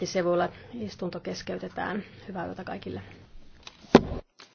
nettisivuilla. Istunto keskeytetään. Hyvää yötä kaikille.